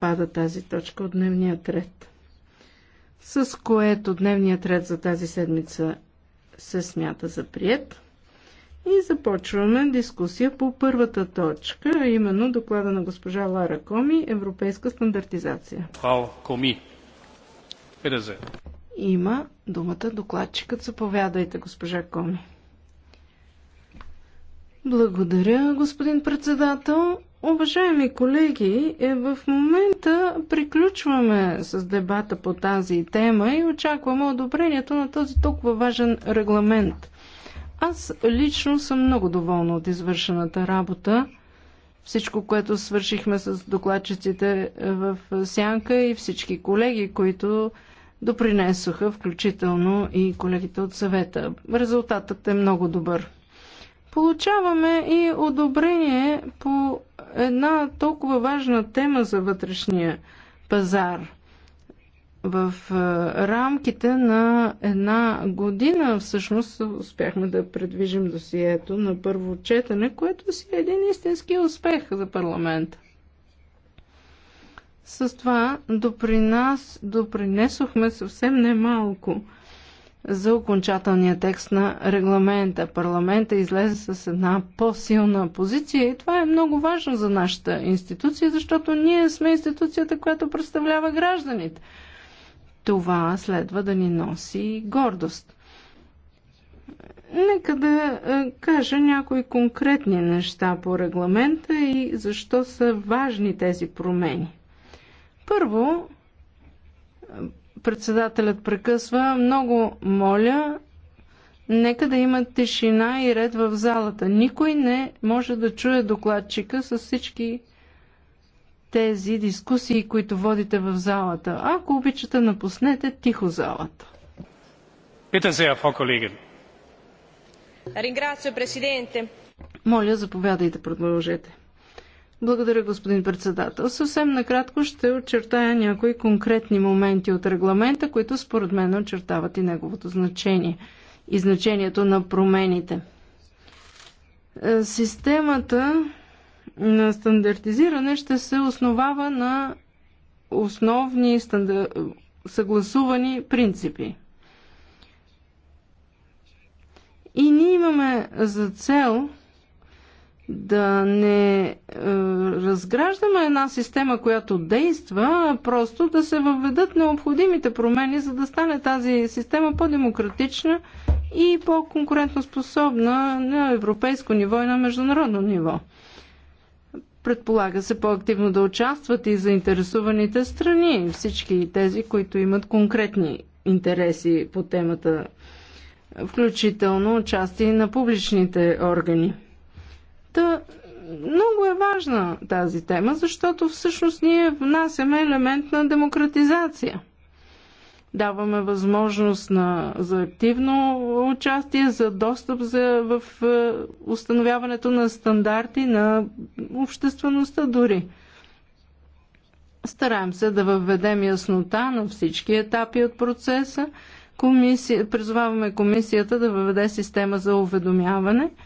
пада тази точка от дневния ред, с което дневният ред за тази седмица се смята за прият. И започваме дискусия по първата точка, а именно доклада на госпожа Лара Коми Европейска стандартизация. Фрау Коми, Има думата докладчикът. Заповядайте, госпожа Коми. Благодаря, господин председател. Уважаеми колеги, е, в момента приключваме с дебата по тази тема и очакваме одобрението на този толкова важен регламент. Аз лично съм много доволна от извършената работа. Всичко, което свършихме с докладчиците е, в Сянка и всички колеги, които допринесоха, включително и колегите от съвета. Резултатът е много добър. Получаваме и одобрение по една толкова важна тема за вътрешния пазар – в е, рамките на една година всъщност успяхме да предвижим досието на първо четене, което си е един истински успех за парламента. С това допринас, допринесохме съвсем немалко за окончателния текст на регламента. Парламента излезе с една по-силна позиция и това е много важно за нашата институция, защото ние сме институцията, която представлява гражданите. Това следва да ни носи гордост. Нека да е, кажа някои конкретни неща по регламента и защо са важни тези промени. Първо, Председателят прекъсва. Много моля, нека да има тишина и ред в залата. Никой не може да чуе докладчика с всички тези дискусии, които водите в залата. Ако обичате, напуснете тихо залата. Bitte sehr, Frau Kollegin. Ringrazio, Presidente. Моля, заповядайте, продължете. Благодаря, господин председател. Съвсем накратко ще очертая някои конкретни моменти от регламента, които според мен очертават и неговото значение и значението на промените. Е, системата на стандартизиране ще се основава на основни стандар... съгласувани принципи. И ние имаме за цел да не е, разграждаме една система, която действа, а просто да се въведат необходимите промени, за да стане тази система по-демократична и по-конкурентоспособна на европейско ниво и на международно ниво. Предполага се по-активно да участват и заинтересуваните страни, всички тези, които имат конкретни интереси по темата, включително части на публичните органи. Та, много е важна тази тема, защото всъщност ние внасяме елемент на демократизация. Даваме възможност на, за активно участие, за достъп за, в е, установяването на стандарти на обществеността дори. Стараем се да въведем яснота на всички етапи от процеса. Комисия, призоваваме комисията да въведе система за уведомяване –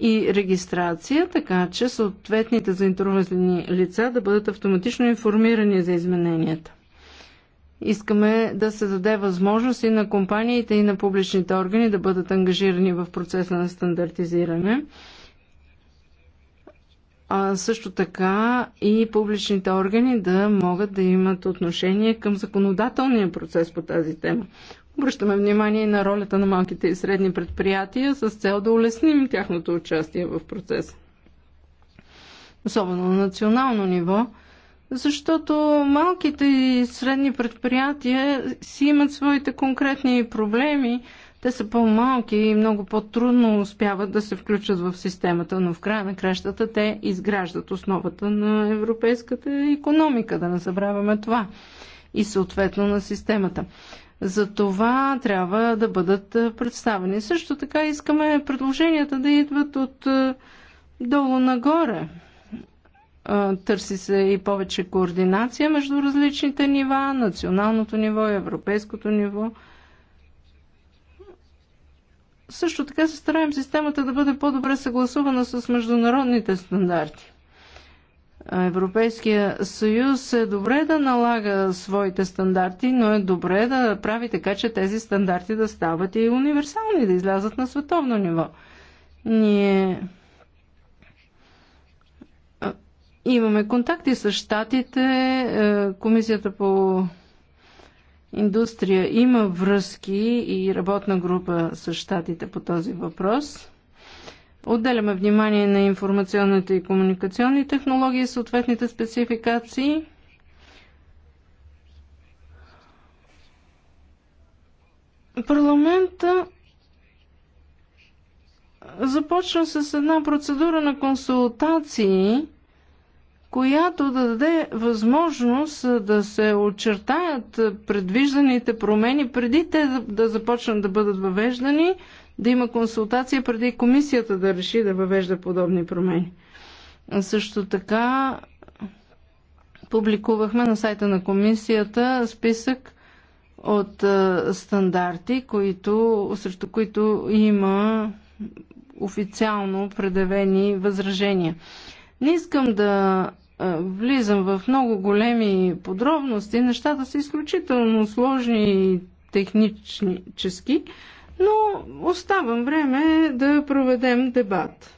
и регистрация, така че съответните заинтересовани лица да бъдат автоматично информирани за измененията. Искаме да се даде възможност и на компаниите и на публичните органи да бъдат ангажирани в процеса на стандартизиране. А също така и публичните органи да могат да имат отношение към законодателния процес по тази тема. Обръщаме внимание и на ролята на малките и средни предприятия с цел да улесним тяхното участие в процеса. Особено на национално ниво, защото малките и средни предприятия си имат своите конкретни проблеми. Те са по-малки и много по-трудно успяват да се включат в системата, но в края на кращата те изграждат основата на европейската економика, да не забравяме това и съответно на системата. За това трябва да бъдат е, представени. Също така искаме предложенията да идват от е, долу нагоре. Е, търси се и повече координация между различните нива, националното ниво и европейското ниво. Също така се стараем системата да бъде по-добре съгласувана с международните стандарти. Европейския съюз е добре да налага своите стандарти, но е добре да прави така, че тези стандарти да стават и универсални, да излязат на световно ниво. Ние имаме контакти с щатите, е, комисията по индустрия има връзки и работна група с щатите по този въпрос. Отделяме внимание на информационните и комуникационни технологии съответните спецификации. Парламента започна с една процедура на консултации, която да даде възможност да се очертаят предвижданите промени преди те да започнат да бъдат въвеждани, да има консултация преди комисията да реши да въвежда подобни промени. Също така публикувахме на сайта на комисията списък от стандарти, които, срещу които има официално предявени възражения. Не искам да влизам в много големи подробности. Нещата са изключително сложни и технически но оставам време да проведем дебат.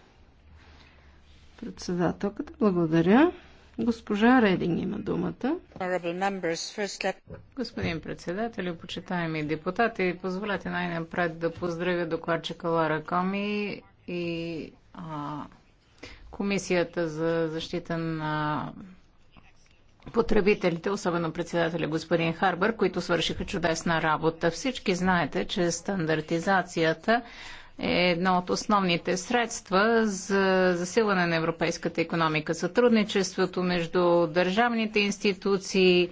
Председателката, благодаря. Госпожа Рединг има думата. Господин председател, почитаеми депутати, позволете най-напред да поздравя докладчика Лара Коми и а, Комисията за защита на потребителите, особено председателя господин Харбър, които свършиха чудесна работа. Всички знаете, че стандартизацията е едно от основните средства за засилване на европейската економика. Сътрудничеството между държавните институции,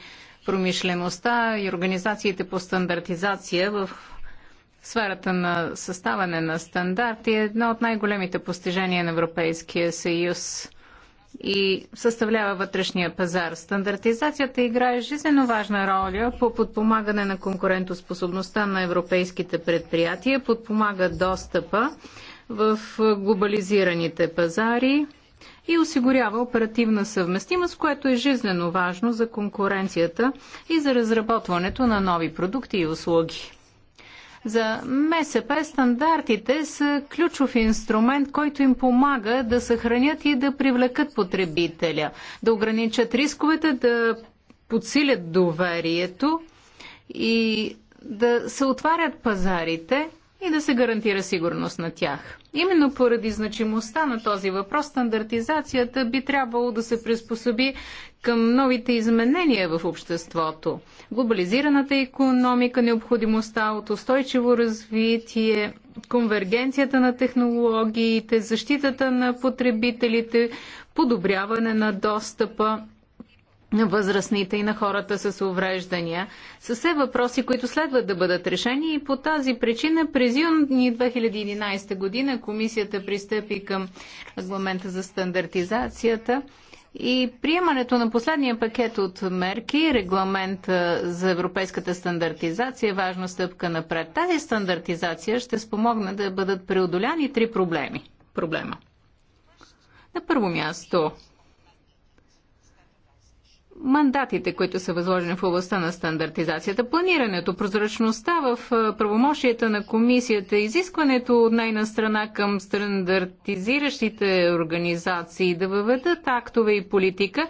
промишлеността и организациите по стандартизация в сферата на съставане на стандарти е едно от най-големите постижения на Европейския съюз и съставлява вътрешния пазар. Стандартизацията играе жизненно важна роля по подпомагане на конкурентоспособността на европейските предприятия, подпомага достъпа в глобализираните пазари и осигурява оперативна съвместимост, което е жизненно важно за конкуренцията и за разработването на нови продукти и услуги. За МСП стандартите са ключов инструмент, който им помага да съхранят и да привлекат потребителя, да ограничат рисковете, да подсилят доверието и да се отварят пазарите – и да се гарантира сигурност на тях. Именно поради значимостта на този въпрос, стандартизацията би трябвало да се приспособи към новите изменения в обществото. Глобализираната економика, необходимостта от устойчиво развитие, конвергенцията на технологиите, защитата на потребителите, подобряване на достъпа на възрастните и на хората с увреждания, са все въпроси, които следват да бъдат решени и по тази причина през юни 2011 година комисията пристъпи към регламента за стандартизацията и приемането на последния пакет от мерки, регламент за европейската стандартизация е важна стъпка напред. Тази стандартизация ще спомогне да бъдат преодоляни три проблеми. Проблема. На първо място мандатите, които са възложени в областта на стандартизацията, планирането, прозрачността в правомощията на комисията, изискването от нейна страна към стандартизиращите организации да въведат актове и политика,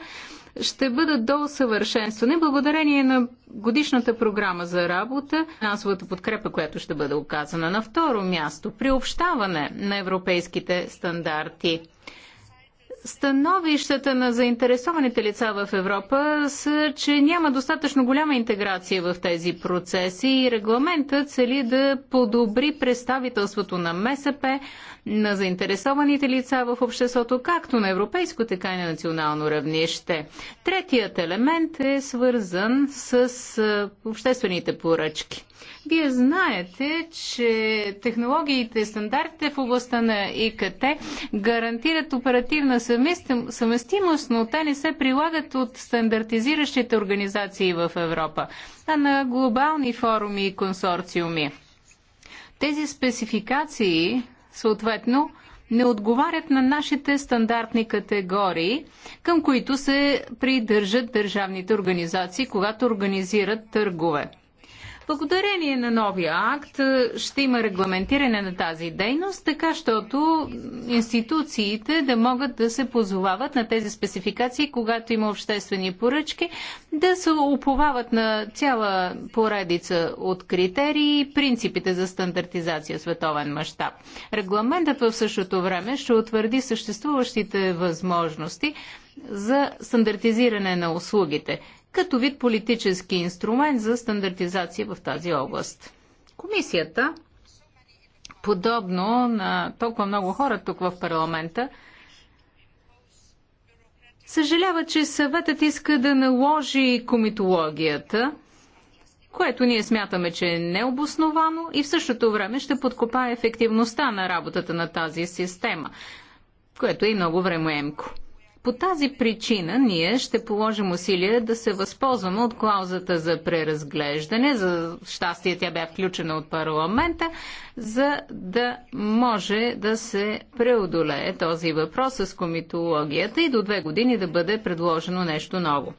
ще бъдат до усъвършенстване благодарение на годишната програма за работа, финансовата подкрепа, която ще бъде оказана. На второ място, приобщаване на европейските стандарти. Становищата на заинтересованите лица в Европа са, че няма достатъчно голяма интеграция в тези процеси и регламентът цели да подобри представителството на МСП, на заинтересованите лица в обществото, както на европейско, така и на национално равнище. Третият елемент е свързан с обществените поръчки. Вие знаете, че технологиите и стандартите в областта на ИКТ гарантират оперативна съвместимост, но те не се прилагат от стандартизиращите организации в Европа, а на глобални форуми и консорциуми. Тези спецификации съответно не отговарят на нашите стандартни категории, към които се придържат държавните организации, когато организират търгове. Благодарение на новия акт е, ще има регламентиране на тази дейност, така щото институциите да могат да се позовават на тези спецификации, когато има обществени поръчки, да се уповават на цяла поредица от критерии и принципите за стандартизация в световен мащаб. Регламентът в същото време ще утвърди съществуващите възможности за стандартизиране на услугите като вид политически инструмент за стандартизация в тази област. Комисията, подобно на толкова много хора тук в парламента, съжалява, че съветът иска да наложи комитологията, което ние смятаме, че е необосновано и в същото време ще подкопае ефективността на работата на тази система, което е и много времеемко. По тази причина ние ще положим усилия да се възползваме от клаузата за преразглеждане, за щастие тя бе включена от парламента, за да може да се преодолее този въпрос с комитологията и до две години да бъде предложено нещо ново.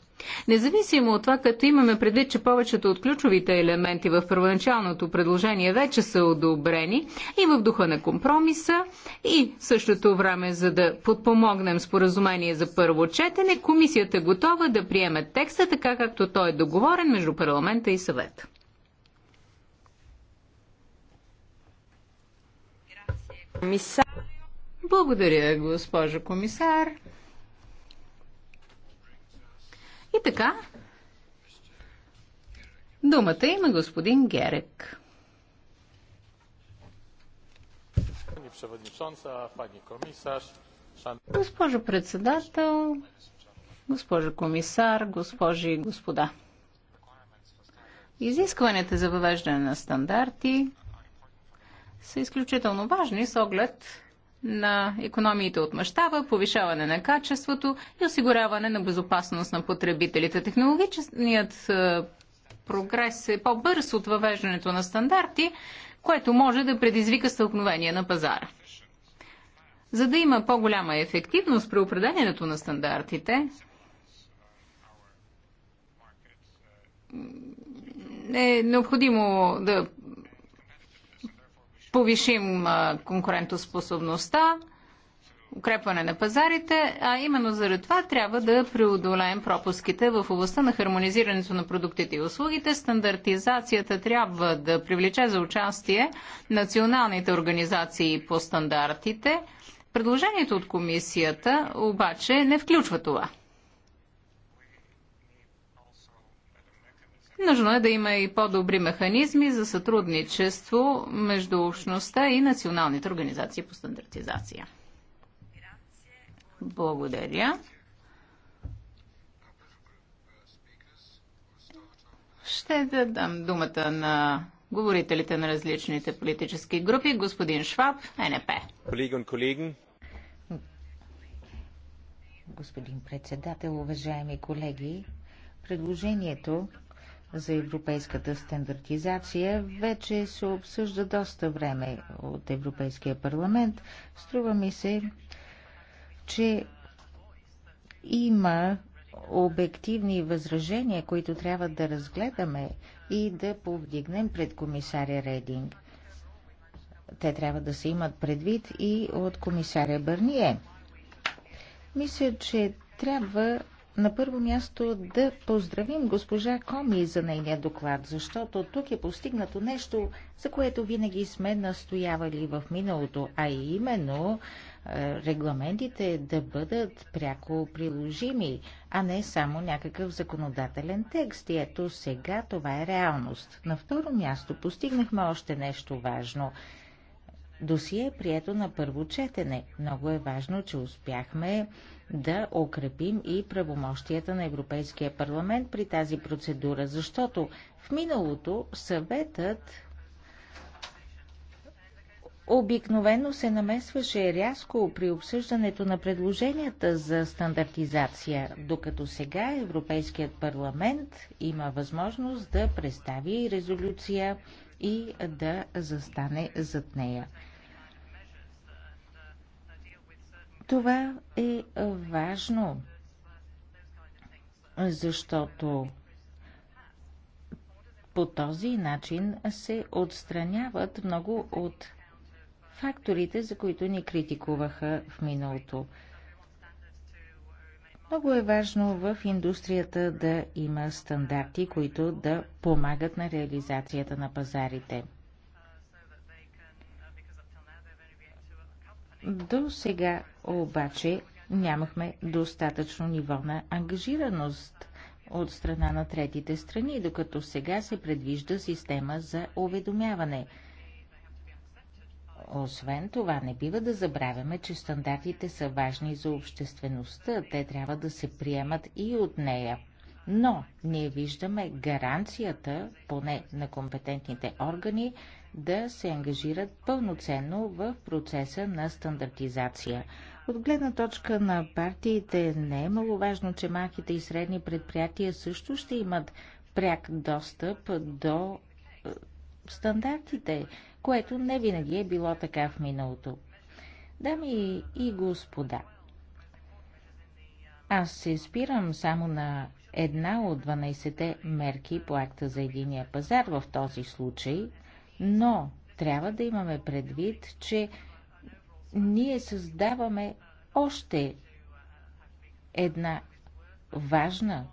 Независимо от това, като имаме предвид, че повечето от ключовите елементи в първоначалното предложение вече са одобрени и в духа на компромиса и в същото време, за да подпомогнем споразумение за първо четене, комисията е готова да приеме текста така, както той е договорен между парламента и съвета. Благодаря, госпожо комисар. И така, думата има господин Герек. Госпожо председател, госпожо комисар, госпожи и господа. Изискванията за въвеждане на стандарти са изключително важни с оглед на економиите от мащаба, повишаване на качеството и осигуряване на безопасност на потребителите. Технологичният е, прогрес е по-бърз от въвеждането на стандарти, което може да предизвика стълкновение на пазара. За да има по-голяма ефективност при определенето на стандартите, е необходимо да повишим конкурентоспособността, укрепване на пазарите, а именно заради това трябва да преодолеем пропуските в областта на хармонизирането на продуктите и услугите. Стандартизацията трябва да привлече за участие националните организации по стандартите. Предложението от комисията обаче не включва това. Нужно е да има и по-добри механизми за сътрудничество между общността и националните организации по стандартизация. Благодаря. Ще да дам думата на говорителите на различните политически групи. Господин Шваб, НП. Господин председател, уважаеми колеги, предложението за европейската стандартизация вече се обсъжда доста време от Европейския парламент. Струва ми се, че има обективни възражения, които трябва да разгледаме и да повдигнем пред комисаря Рединг. Те трябва да се имат предвид и от комисаря Бърние. Мисля, че трябва на първо място да поздравим госпожа Коми за нейния доклад, защото тук е постигнато нещо, за което винаги сме настоявали в миналото, а именно е, регламентите да бъдат пряко приложими, а не само някакъв законодателен текст. И ето сега това е реалност. На второ място постигнахме още нещо важно. Досие е прието на първо четене. Много е важно, че успяхме да укрепим и правомощията на Европейския парламент при тази процедура, защото в миналото съветът обикновено се намесваше рязко при обсъждането на предложенията за стандартизация, докато сега Европейският парламент има възможност да представи резолюция и да застане зад нея. Това е важно, защото по този начин се отстраняват много от факторите, за които ни критикуваха в миналото. Много е важно в индустрията да има стандарти, които да помагат на реализацията на пазарите – До сега обаче нямахме достатъчно ниво на ангажираност от страна на третите страни, докато сега се предвижда система за уведомяване. Освен това, не бива да забравяме, че стандартите са важни за обществеността, те трябва да се приемат и от нея. Но ние виждаме гаранцията, поне на компетентните органи, да се ангажират пълноценно в процеса на стандартизация. От гледна точка на партиите не е маловажно, че малките и средни предприятия също ще имат пряк достъп до е, стандартите, което не винаги е било така в миналото. Дами и господа, аз се спирам само на една от 12-те мерки по акта за единия пазар в този случай – но трябва да имаме предвид, че ние създаваме още една важна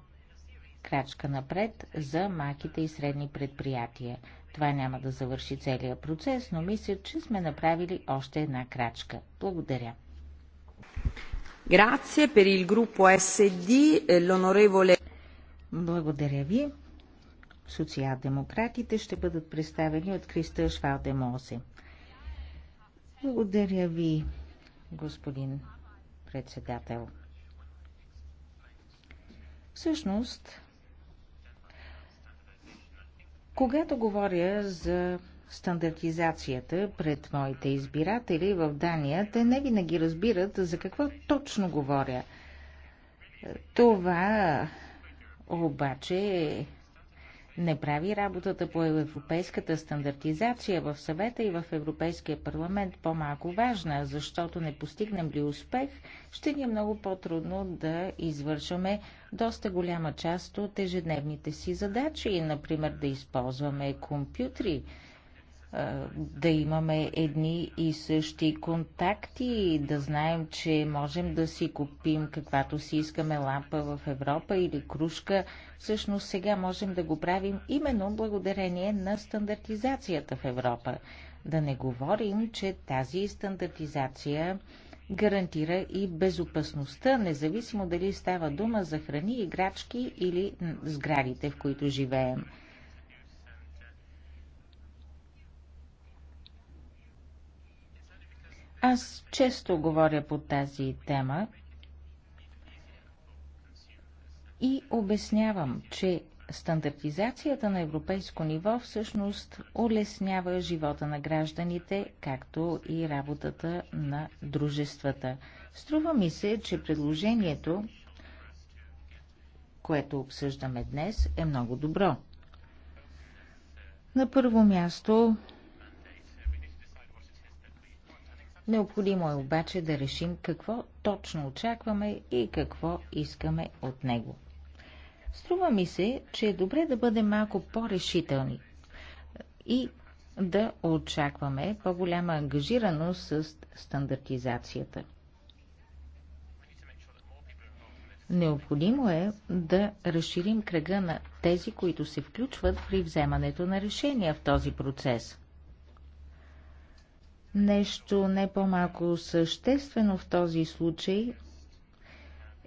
крачка напред за малките и средни предприятия. Това няма да завърши целият процес, но мисля, че сме направили още една крачка. Благодаря. Grazie per il gruppo SD, l'onorevole. Благодаря ви социал-демократите ще бъдат представени от Криста Швалдемосе. Благодаря ви, господин председател. Всъщност, когато говоря за стандартизацията пред моите избиратели в Дания, те не винаги разбират за какво точно говоря. Това обаче е не прави работата по европейската стандартизация в съвета и в Европейския парламент по-малко важна, защото не постигнем ли успех, ще ни е много по-трудно да извършваме доста голяма част от ежедневните си задачи, например да използваме компютри, да имаме едни и същи контакти, да знаем, че можем да си купим каквато си искаме лампа в Европа или кружка. Всъщност сега можем да го правим именно благодарение на стандартизацията в Европа. Да не говорим, че тази стандартизация гарантира и безопасността, независимо дали става дума за храни, играчки или сградите, в които живеем. Аз често говоря по тази тема и обяснявам, че стандартизацията на европейско ниво всъщност улеснява живота на гражданите, както и работата на дружествата. Струва ми се, че предложението, което обсъждаме днес, е много добро. На първо място Необходимо е обаче да решим какво точно очакваме и какво искаме от него. Струва ми се, че е добре да бъдем малко по-решителни и да очакваме по-голяма ангажираност с стандартизацията. Необходимо е да разширим кръга на тези, които се включват при вземането на решения в този процес. Нещо не по-малко съществено в този случай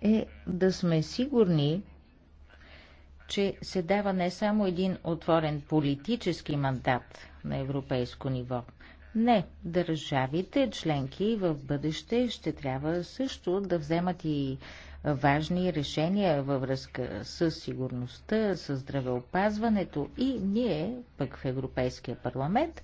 е да сме сигурни, че се дава не само един отворен политически мандат на европейско ниво. Не, държавите членки в бъдеще ще трябва също да вземат и важни решения във връзка с сигурността, с здравеопазването и ние, пък в Европейския парламент,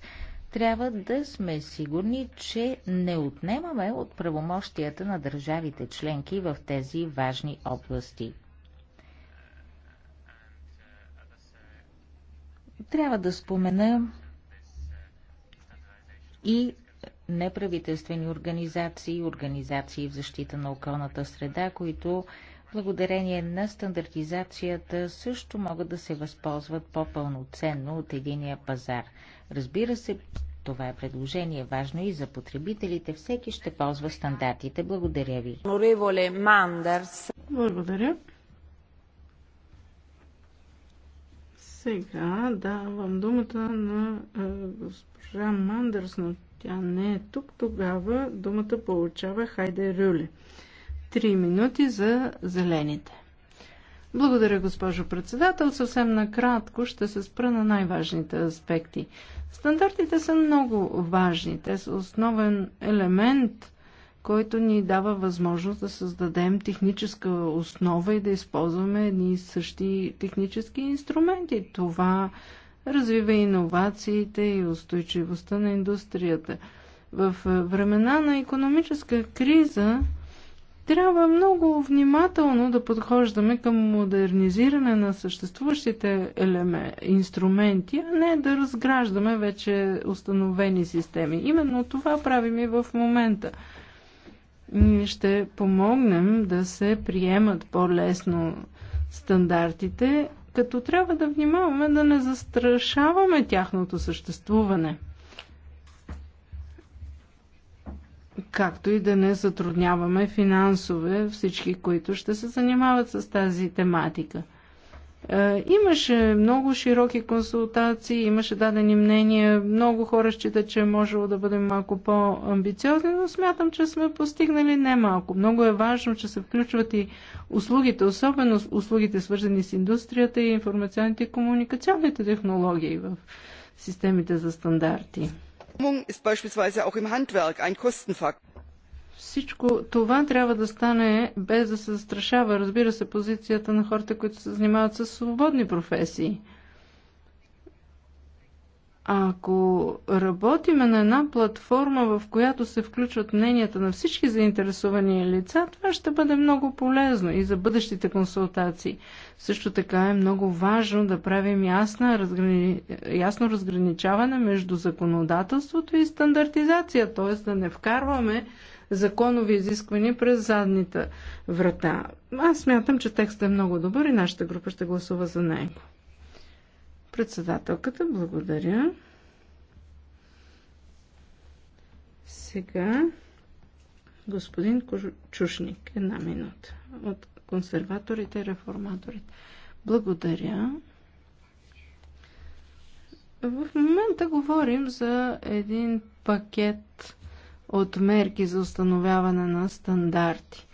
трябва да сме сигурни, че не отнемаме от правомощията на държавите членки в тези важни области. Трябва да спомена и неправителствени организации, организации в защита на околната среда, които благодарение на стандартизацията също могат да се възползват по-пълноценно от единия пазар. Разбира се, това е предложение важно и за потребителите. Всеки ще ползва стандартите. Благодаря ви. Благодаря. Сега давам думата на е, госпожа Мандърс, но тя не е тук. Тогава думата получава Хайде Рюле. Три минути за зелените. Благодаря, госпожо председател. Съвсем накратко ще се спра на най-важните аспекти. Стандартите са много важни. Те са основен елемент, който ни дава възможност да създадем техническа основа и да използваме едни и същи технически инструменти. Това развива иновациите и устойчивостта на индустрията. В времена на економическа криза трябва много внимателно да подхождаме към модернизиране на съществуващите елеме, инструменти, а не да разграждаме вече установени системи. Именно това правим и в момента ще помогнем да се приемат по-лесно стандартите, като трябва да внимаваме да не застрашаваме тяхното съществуване. както и да не затрудняваме финансове всички, които ще се занимават с тази тематика. Е, имаше много широки консултации, имаше дадени мнения, много хора считат, че е можело да бъдем малко по-амбициозни, но смятам, че сме постигнали не малко. Много е важно, че се включват и услугите, особено услугите свързани с индустрията и информационните и комуникационните технологии в системите за стандарти. Всичко това трябва да стане без да се застрашава, разбира се, позицията на хората, които се занимават с свободни професии. Ако работиме на една платформа, в която се включват мненията на всички заинтересовани лица, това ще бъде много полезно и за бъдещите консултации. Също така е много важно да правим ясна, разграни... ясно разграничаване между законодателството и стандартизация, т.е. да не вкарваме законови изисквания през задните врата. Аз смятам, че текстът е много добър и нашата група ще гласува за него. Председателката, благодаря. Сега господин Чушник, една минута, от консерваторите и реформаторите. Благодаря. В момента говорим за един пакет от мерки за установяване на стандарти.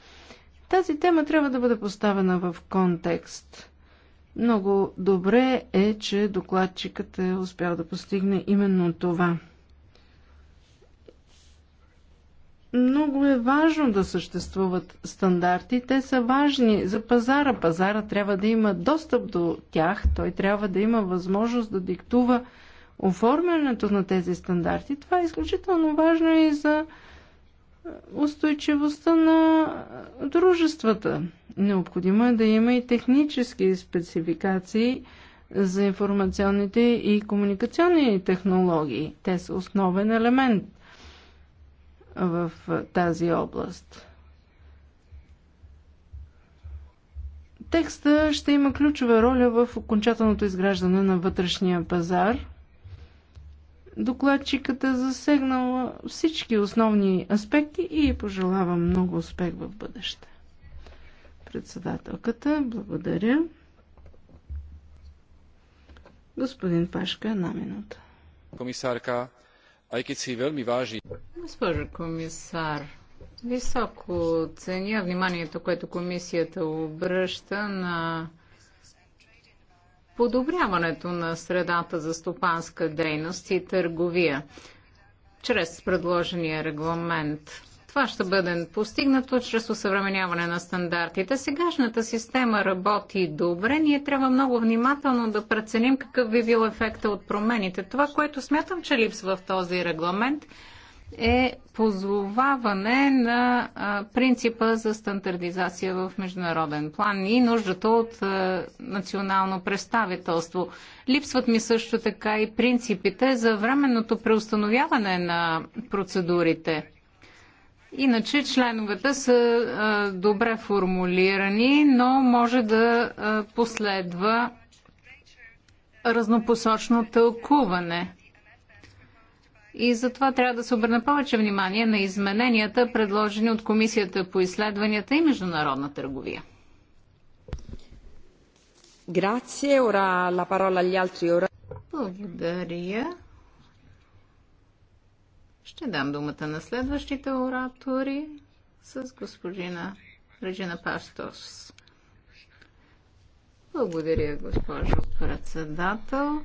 Тази тема трябва да бъде поставена в контекст. Много добре е, че докладчикът е успял да постигне именно това. Много е важно да съществуват стандарти. Те са важни за пазара. Пазара трябва да има достъп до тях. Той трябва да има възможност да диктува оформянето на тези стандарти. Това е изключително важно и за устойчивостта на дружествата. Необходимо е да има и технически спецификации за информационните и комуникационни технологии. Те са основен елемент в тази област. Текста ще има ключова роля в окончателното изграждане на вътрешния пазар – Докладчикът е засегнал всички основни аспекти и пожелавам много успех в бъдеще. Председателката, благодаря. Господин Пашка, една минута. Комисарка, aj keď si veľmi Госпожо комисар, високо ценя вниманието, което комисията обръща на подобряването на средата за стопанска дейност и търговия чрез предложения регламент. Това ще бъде постигнато чрез усъвременяване на стандартите. Сегашната система работи добре. Ние трябва много внимателно да преценим какъв би бил ефекта от промените. Това, което смятам, че липсва в този регламент, е позоваване на принципа за стандартизация в международен план и нуждата от национално представителство. Липсват ми също така и принципите за временното преустановяване на процедурите. Иначе членовете са добре формулирани, но може да последва разнопосочно тълкуване. И затова трябва да се обърне повече внимание на измененията, предложени от Комисията по изследванията и международна търговия. Благодаря. Ще дам думата на следващите оратори с господина Реджина Пастос. Благодаря, госпожо председател.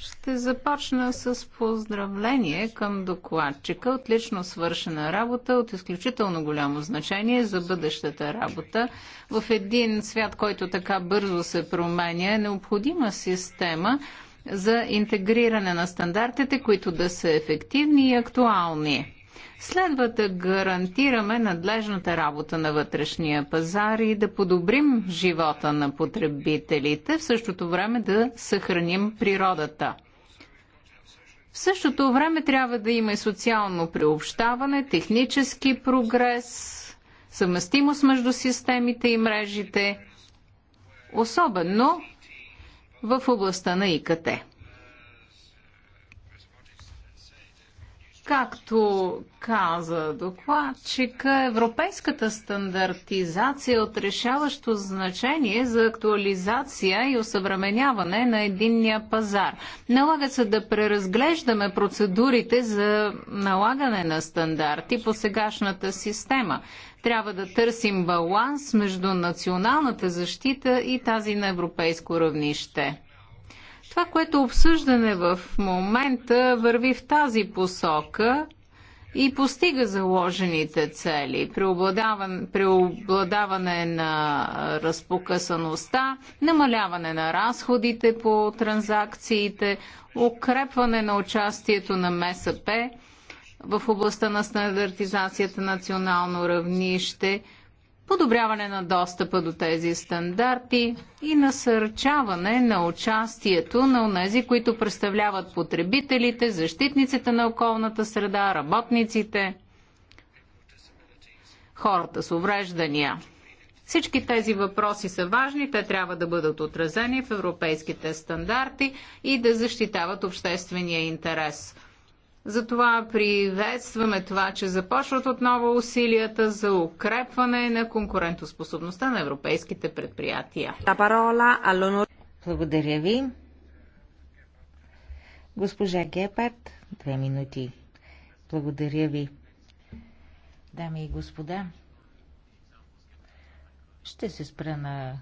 Ще започна с поздравление към докладчика. Отлично свършена работа, от изключително голямо значение за бъдещата работа. В един свят, който така бързо се променя, е необходима система за интегриране на стандартите, които да са ефективни и актуални. Следва да гарантираме надлежната работа на вътрешния пазар и да подобрим живота на потребителите, в същото време да съхраним природата. В същото време трябва да има и социално приобщаване, технически прогрес, съвместимост между системите и мрежите, особено в областта на ИКТ. Както каза докладчика, европейската стандартизация е от решаващо значение за актуализация и осъвременяване на единния пазар. Налага се да преразглеждаме процедурите за налагане на стандарти по сегашната система. Трябва да търсим баланс между националната защита и тази на европейско равнище. Това, което обсъждане в момента върви в тази посока и постига заложените цели. Преобладаване, преобладаване на разпокъсаността, намаляване на разходите по транзакциите, укрепване на участието на МСП в областта на стандартизацията национално равнище – подобряване на достъпа до тези стандарти и насърчаване на участието на онези, които представляват потребителите, защитниците на околната среда, работниците, хората с увреждания. Всички тези въпроси са важни, те трябва да бъдат отразени в европейските стандарти и да защитават обществения интерес. Затова приветстваме това, че започват отново усилията за укрепване на конкурентоспособността на европейските предприятия. Благодаря ви. Госпожа Гепард, две минути. Благодаря ви. Дами и господа, ще се спра на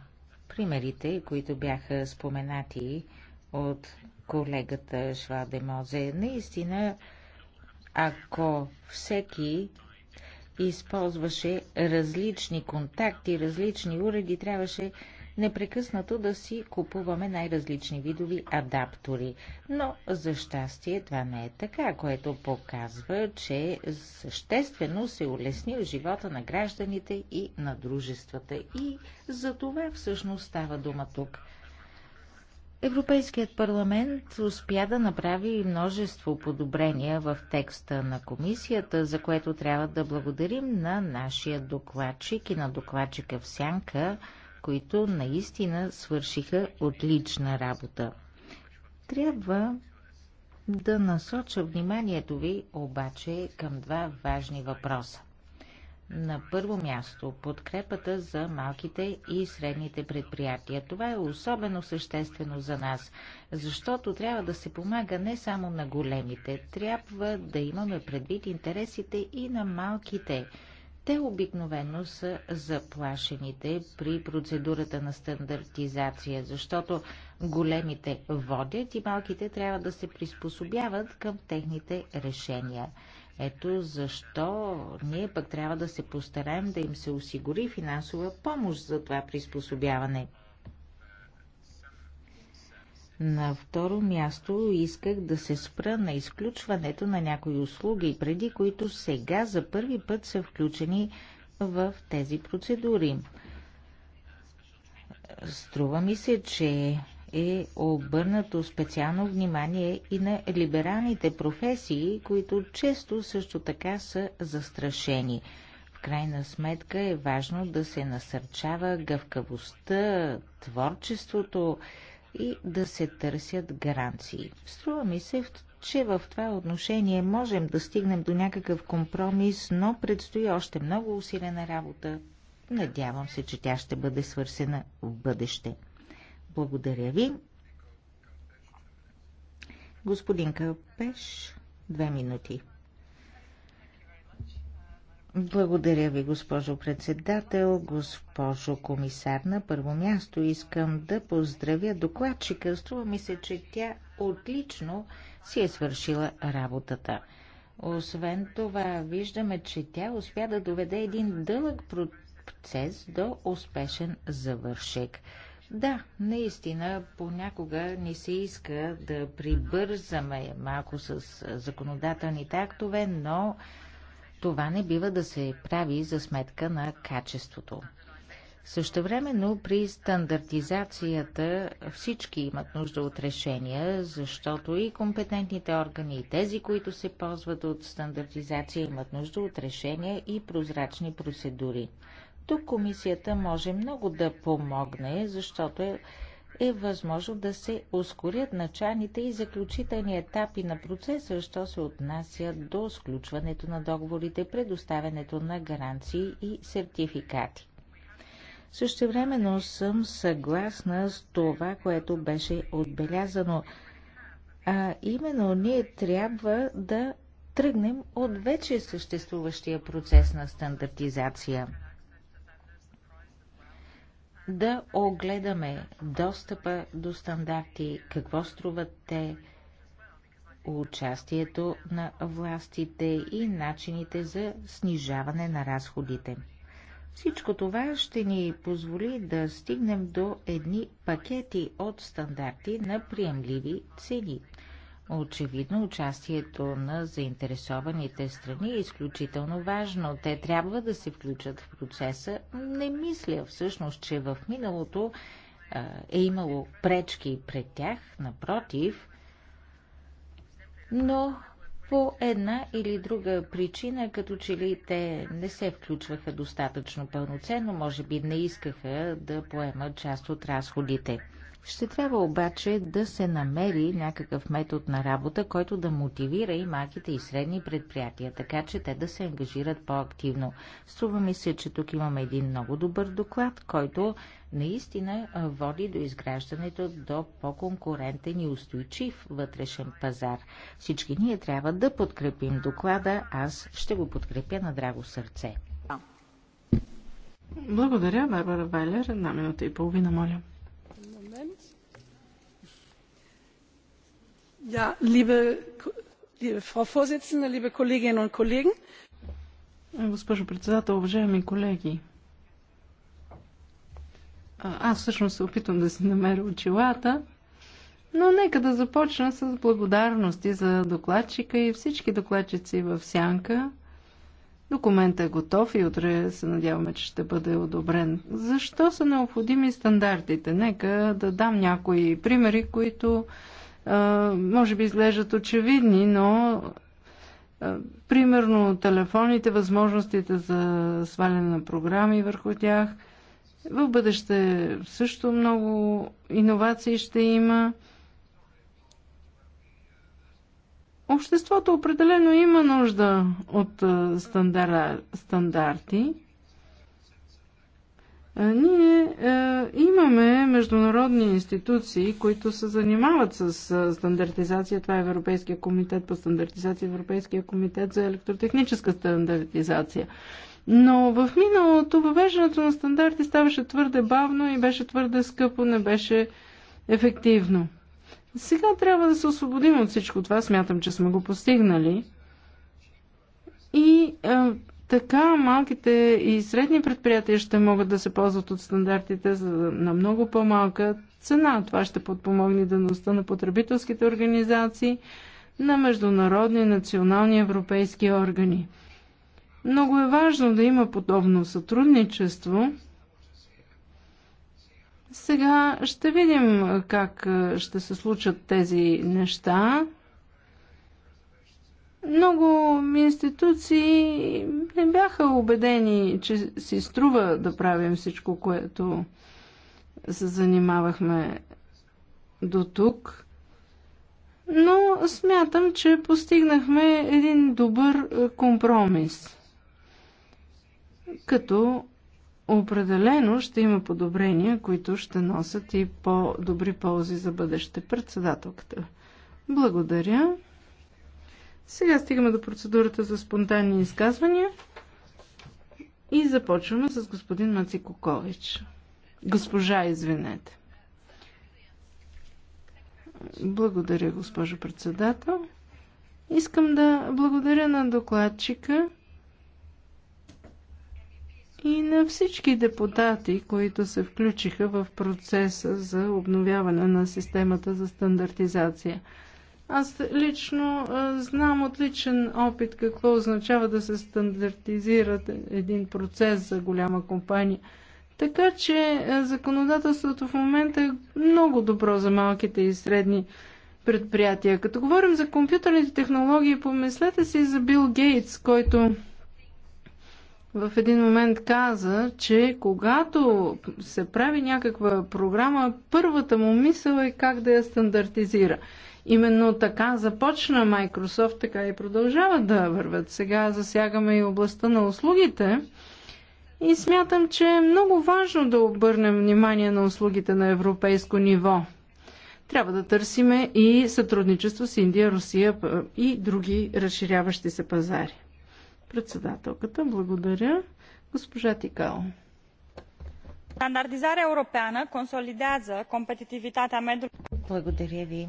примерите, които бяха споменати от колегата Мозе. Наистина, ако всеки използваше различни контакти, различни уреди, трябваше непрекъснато да си купуваме най-различни видови адаптори. Но за щастие това не е така, което показва, че съществено се в живота на гражданите и на дружествата. И за това всъщност става дума тук. Европейският парламент успя да направи множество подобрения в текста на комисията, за което трябва да благодарим на нашия докладчик и на докладчика в Сянка, които наистина свършиха отлична работа. Трябва да насоча вниманието ви обаче към два важни въпроса. На първо място подкрепата за малките и средните предприятия. Това е особено съществено за нас, защото трябва да се помага не само на големите, трябва да имаме предвид интересите и на малките. Те обикновено са заплашените при процедурата на стандартизация, защото големите водят и малките трябва да се приспособяват към техните решения. Ето защо ние пък трябва да се постараем да им се осигури финансова помощ за това приспособяване. На второ място исках да се спра на изключването на някои услуги, преди които сега за първи път са включени в тези процедури. Струва ми се, че е обърнато специално внимание и на либералните професии, които често също така са застрашени. В крайна сметка е важно да се насърчава гъвкавостта, творчеството и да се търсят гаранции. Струва ми се, че в това отношение можем да стигнем до някакъв компромис, но предстои още много усилена работа. Надявам се, че тя ще бъде свърсена в бъдеще. Благодаря ви. Господин Кълпеш, две минути. Благодаря ви, госпожо председател, госпожо комисар. На първо място искам да поздравя докладчика. Струва ми се, че тя отлично си е свършила работата. Освен това, виждаме, че тя успя да доведе един дълъг процес до успешен завършек. Да, наистина, понякога ни се иска да прибързаме малко с законодателните актове, но това не бива да се прави за сметка на качеството. Същевременно при стандартизацията всички имат нужда от решения, защото и компетентните органи, и тези, които се ползват от стандартизация, имат нужда от решения и прозрачни процедури. Тук комисията може много да помогне, защото е, е възможно да се ускорят началните и заключителни етапи на процеса, що се отнася до сключването на договорите, предоставянето на гаранции и сертификати. Същевременно съм съгласна с това, което беше отбелязано, а именно ние трябва да тръгнем от вече съществуващия процес на стандартизация – да огледаме достъпа до стандарти, какво струват те, участието на властите и начините за снижаване на разходите. Всичко това ще ни позволи да стигнем до едни пакети от стандарти на приемливи цени. Очевидно, участието на заинтересованите страни е изключително важно. Те трябва да се включат в процеса. Не мисля всъщност, че в миналото е имало пречки пред тях, напротив, но по една или друга причина, като че ли те не се включваха достатъчно пълноценно, може би не искаха да поемат част от разходите. Ще трябва обаче да се намери някакъв метод на работа, който да мотивира и малките и средни предприятия, така че те да се ангажират по-активно. Струва ми се, че тук имаме един много добър доклад, който наистина води до изграждането до по-конкурентен и устойчив вътрешен пазар. Всички ние трябва да подкрепим доклада, аз ще го подкрепя на драго сърце. Благодаря, Барбара Вайлер. Една минута и половина, моля. Госпожо председател, уважаеми колеги, аз всъщност се опитвам да си намеря очилата, но нека да започна с благодарности за докладчика и всички докладчици в Сянка. Документът е готов и утре се надяваме, че ще бъде одобрен. Защо са необходими стандартите? Нека да дам някои примери, които може би изглеждат очевидни, но примерно телефоните, възможностите за сваляне на програми върху тях. В бъдеще също много иновации ще има. Обществото определено има нужда от стандарти. Ние е, имаме международни институции, които се занимават с стандартизация. Това е Европейския комитет по стандартизация, Европейския комитет за електротехническа стандартизация. Но в миналото въвеждането на стандарти ставаше твърде бавно и беше твърде скъпо, не беше ефективно. Сега трябва да се освободим от всичко това. Смятам, че сме го постигнали. И е, така малките и средни предприятия ще могат да се ползват от стандартите за, на много по-малка цена. Това ще подпомогне дъността на потребителските организации, на международни, национални, европейски органи. Много е важно да има подобно сътрудничество. Сега ще видим как ще се случат тези неща. Много институции не бяха убедени, че си струва да правим всичко, което се занимавахме до тук. Но смятам, че постигнахме един добър е, компромис. Като определено ще има подобрения, които ще носят и по-добри ползи за бъдеще председателката. Благодаря. Сега стигаме до процедурата за спонтанни изказвания и започваме с господин Маци Кокович. Госпожа, извинете. Благодаря, госпожо председател. Искам да благодаря на докладчика и на всички депутати, които се включиха в процеса за обновяване на системата за стандартизация – аз лично а, знам от личен опит какво означава да се стандартизира един процес за голяма компания. Така че а, законодателството в момента е много добро за малките и средни предприятия. Като говорим за компютърните технологии, помислете си за Бил Гейтс, който в един момент каза, че когато се прави някаква програма, първата му мисъл е как да я стандартизира. Именно така започна Microsoft, така и продължава да върват. Сега засягаме и областта на услугите. И смятам, че е много важно да обърнем внимание на услугите на европейско ниво. Трябва да търсиме и сътрудничество с Индия, Русия и други разширяващи се пазари. Председателката, благодаря. Госпожа Тикал. Стандартизarea europeană consolidează competitivitatea mediului. Благодаря ви.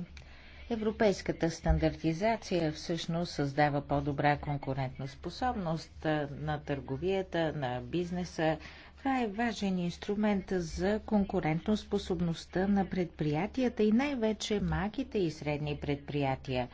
Европейската стандартизация всъщност създава по-добра конкурентоспособност на търговията, на бизнеса. Това е важен инструмент за конкурентоспособността на предприятията и най-вече малките и средни предприятия.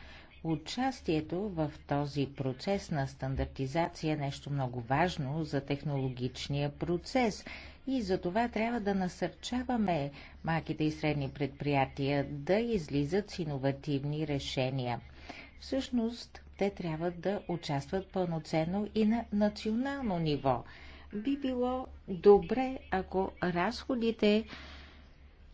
Участието в този процес на стандартизация е нещо много важно за технологичния процес – и за това трябва да насърчаваме малките и средни предприятия да излизат с иновативни решения. Всъщност, те трябва да участват пълноценно и на национално ниво. Би било добре, ако разходите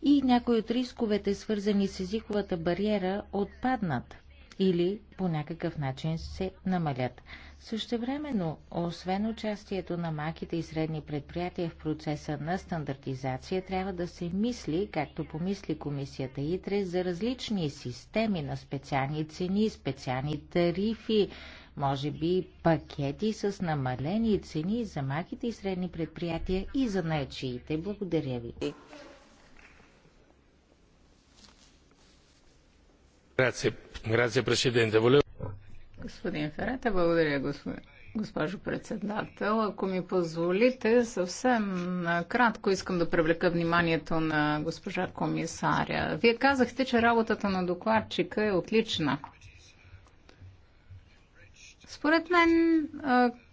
и някои от рисковете, свързани с езиковата бариера, отпаднат или по някакъв начин се намалят. Същевременно, освен участието на малките и средни предприятия в процеса на стандартизация, трябва да се мисли, както помисли комисията ИТРЕ, за различни системи на специални цени, специални тарифи, може би пакети с намалени цени за малките и средни предприятия и за наечиите. Благодаря ви. Господин Ферета, благодаря, Госпожо председател, ако ми позволите, съвсем кратко искам да привлека вниманието на госпожа комисаря. Вие казахте, че работата на докладчика е отлична. Според мен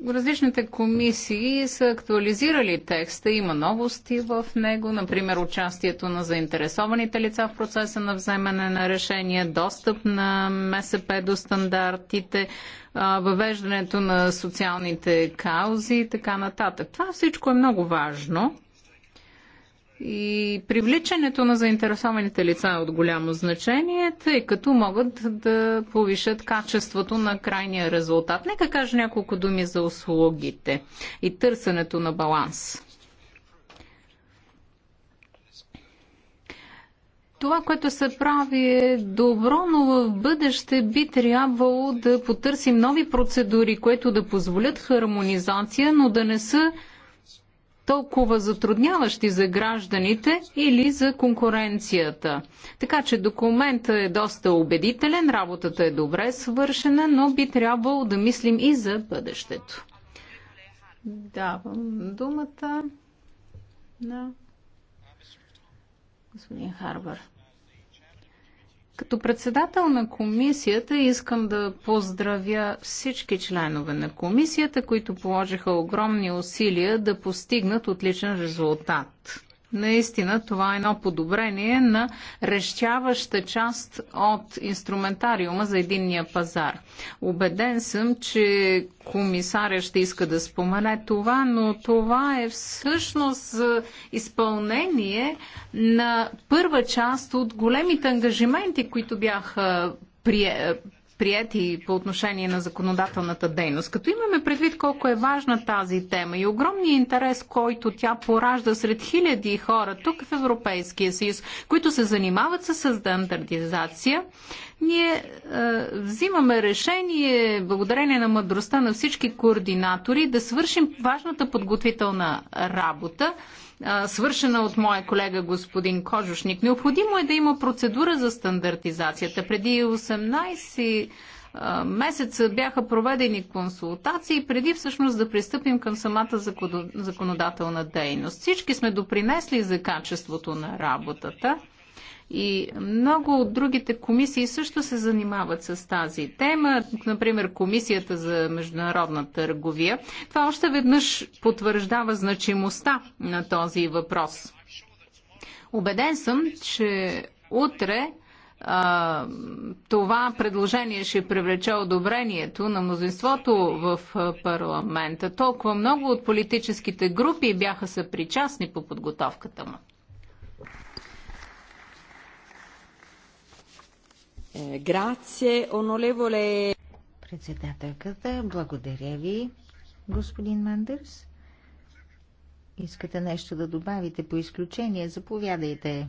различните комисии са актуализирали текста, има новости в него, например участието на заинтересованите лица в процеса на вземане на решение, достъп на МСП до стандартите, въвеждането на социалните каузи и така нататък. Това всичко е много важно. И привличането на заинтересованите лица е от голямо значение, тъй като могат да повишат качеството на крайния резултат. Нека кажа няколко думи за услугите и търсенето на баланс. Това, което се прави е добро, но в бъдеще би трябвало да потърсим нови процедури, които да позволят хармонизация, но да не са толкова затрудняващи за гражданите или за конкуренцията. Така че документът е доста убедителен, работата е добре свършена, но би трябвало да мислим и за бъдещето. Давам думата на господин Харбър. Като председател на комисията искам да поздравя всички членове на комисията, които положиха огромни усилия да постигнат отличен резултат. Наистина, това е едно подобрение на решаваща част от инструментариума за единния пазар. Обеден съм, че комисаря ще иска да спомене това, но това е всъщност изпълнение на първа част от големите ангажименти, които бяха прияти по отношение на законодателната дейност. Като имаме предвид колко е важна тази тема и огромния интерес, който тя поражда сред хиляди хора тук в Европейския съюз, които се занимават с стандартизация, ние е, взимаме решение, благодарение на мъдростта на всички координатори, да свършим важната подготвителна работа свършена от моя колега господин Кожушник. Необходимо е да има процедура за стандартизацията. Преди 18 месеца бяха проведени консултации преди всъщност да пристъпим към самата законодателна дейност. Всички сме допринесли за качеството на работата. И много от другите комисии също се занимават с тази тема, например Комисията за международна търговия. Това още веднъж потвърждава значимостта на този въпрос. Обеден съм, че утре а, това предложение ще привлече одобрението на мнозинството в парламента. Толкова много от политическите групи бяха съпричастни по подготовката му. Е, грация, онолеволе. Председателката, благодаря ви, господин Мандърс. Искате нещо да добавите по изключение? Заповядайте.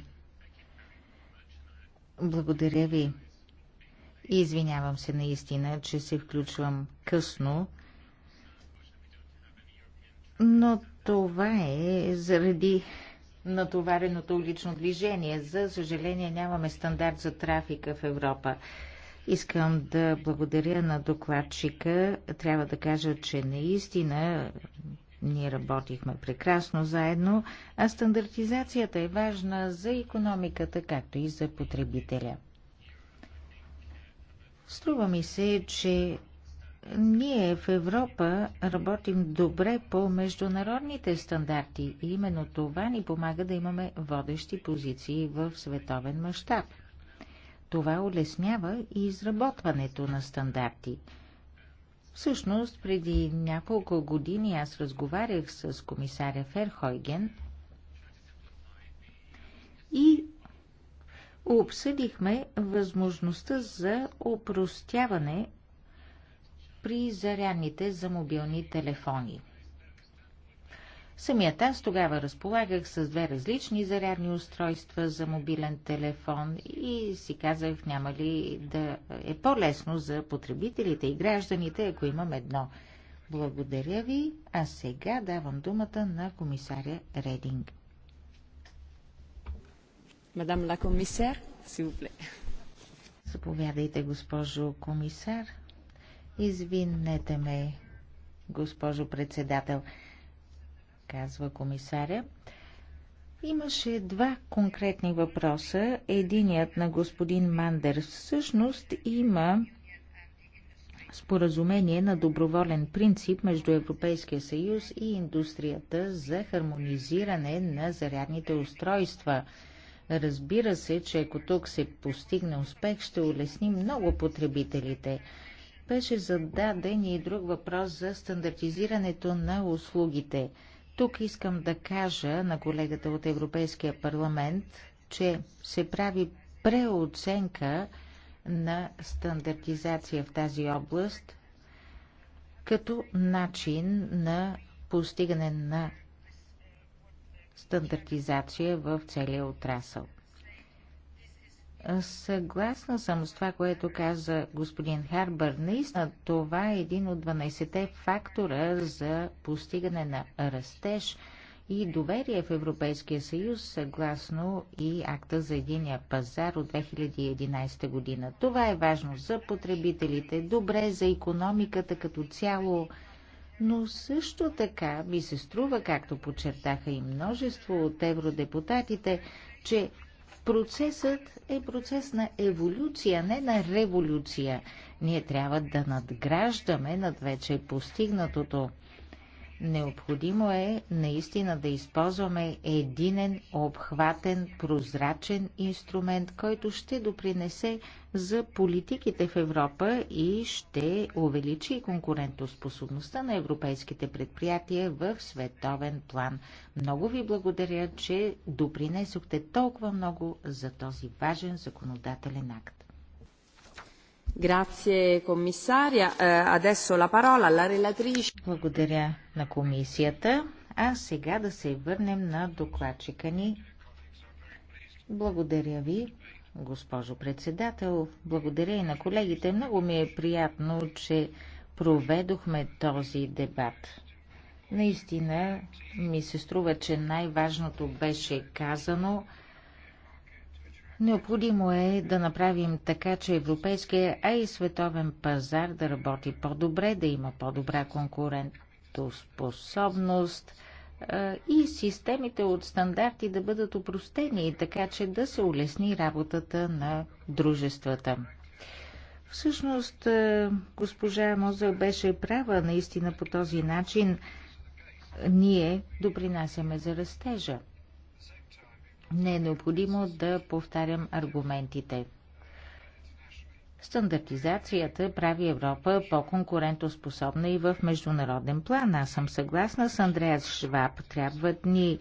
Благодаря ви. извинявам се наистина, че се включвам късно, но това е заради натовареното улично движение. За съжаление нямаме стандарт за трафика в Европа. Искам да благодаря на докладчика. Трябва да кажа, че наистина ние работихме прекрасно заедно, а стандартизацията е важна за економиката, както и за потребителя. Струва ми се, че ние в Европа работим добре по международните стандарти и именно това ни помага да имаме водещи позиции в световен мащаб. Това улеснява и изработването на стандарти. Всъщност, преди няколко години аз разговарях с комисаря Ферхойген и обсъдихме възможността за опростяване при зарядните за мобилни телефони. Самият аз тогава разполагах с две различни зарядни устройства за мобилен телефон и си казах, няма ли да е по-лесно за потребителите и гражданите, ако имам едно. Благодаря ви, а сега давам думата на комисаря Рединг. Мадам ла комисар, си Заповядайте, госпожо комисар. Извинете ме, госпожо председател, казва комисаря. Имаше два конкретни въпроса. Единият на господин Мандер. Всъщност има споразумение на доброволен принцип между Европейския съюз и индустрията за хармонизиране на зарядните устройства. Разбира се, че ако тук се постигне успех, ще улесни много потребителите. Беше зададен и друг въпрос за стандартизирането на услугите. Тук искам да кажа на колегата от Европейския парламент, че се прави преоценка на стандартизация в тази област като начин на постигане на стандартизация в целия отрасъл. Съгласна съм с това, което каза господин Харбър. Наистина това е един от 12-те фактора за постигане на растеж и доверие в Европейския съюз, съгласно и акта за единия пазар от 2011 година. Това е важно за потребителите, добре за економиката като цяло, но също така ми се струва, както подчертаха и множество от евродепутатите, че Процесът е процес на еволюция, не на революция. Ние трябва да надграждаме над вече постигнатото. Необходимо е наистина да използваме единен, обхватен, прозрачен инструмент, който ще допринесе за политиките в Европа и ще увеличи конкурентоспособността на европейските предприятия в световен план. Много ви благодаря, че допринесохте толкова много за този важен законодателен акт комисаря. Eh, Благодаря на комисията. А сега да се върнем на докладчика ни. Благодаря ви, госпожо председател. Благодаря и на колегите. Много ми е приятно, че проведохме този дебат. Наистина ми се струва, че най-важното беше казано – Необходимо е да направим така, че европейския, а и световен пазар да работи по-добре, да има по-добра конкурентоспособност и системите от стандарти да бъдат упростени, така че да се улесни работата на дружествата. Всъщност, госпожа Мозел беше права наистина по този начин. Ние допринасяме за растежа. Не е необходимо да повтарям аргументите. Стандартизацията прави Европа по-конкурентоспособна и в международен план. Аз съм съгласна с Андреас Шваб. Трябват ни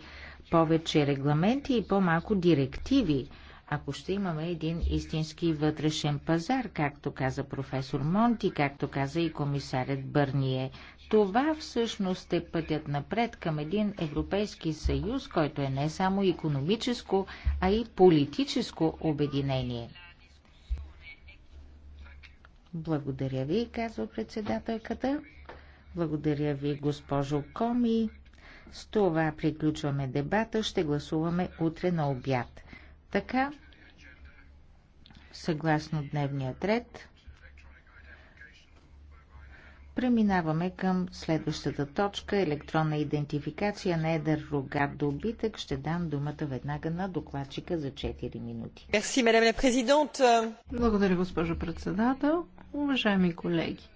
повече регламенти и по-малко директиви, ако ще имаме един истински вътрешен пазар, както каза професор Монти, както каза и комисарят Бърние. Това всъщност е пътят напред към един Европейски съюз, който е не само економическо, а и политическо обединение. Благодаря ви, казва председателката. Благодаря ви, госпожо Коми. С това приключваме дебата. Ще гласуваме утре на обяд. Така, съгласно дневният ред, Преминаваме към следващата точка – електронна идентификация на едър рогат добитък. Ще дам думата веднага на докладчика за 4 минути. Благодаря, госпожо председател. Уважаеми колеги,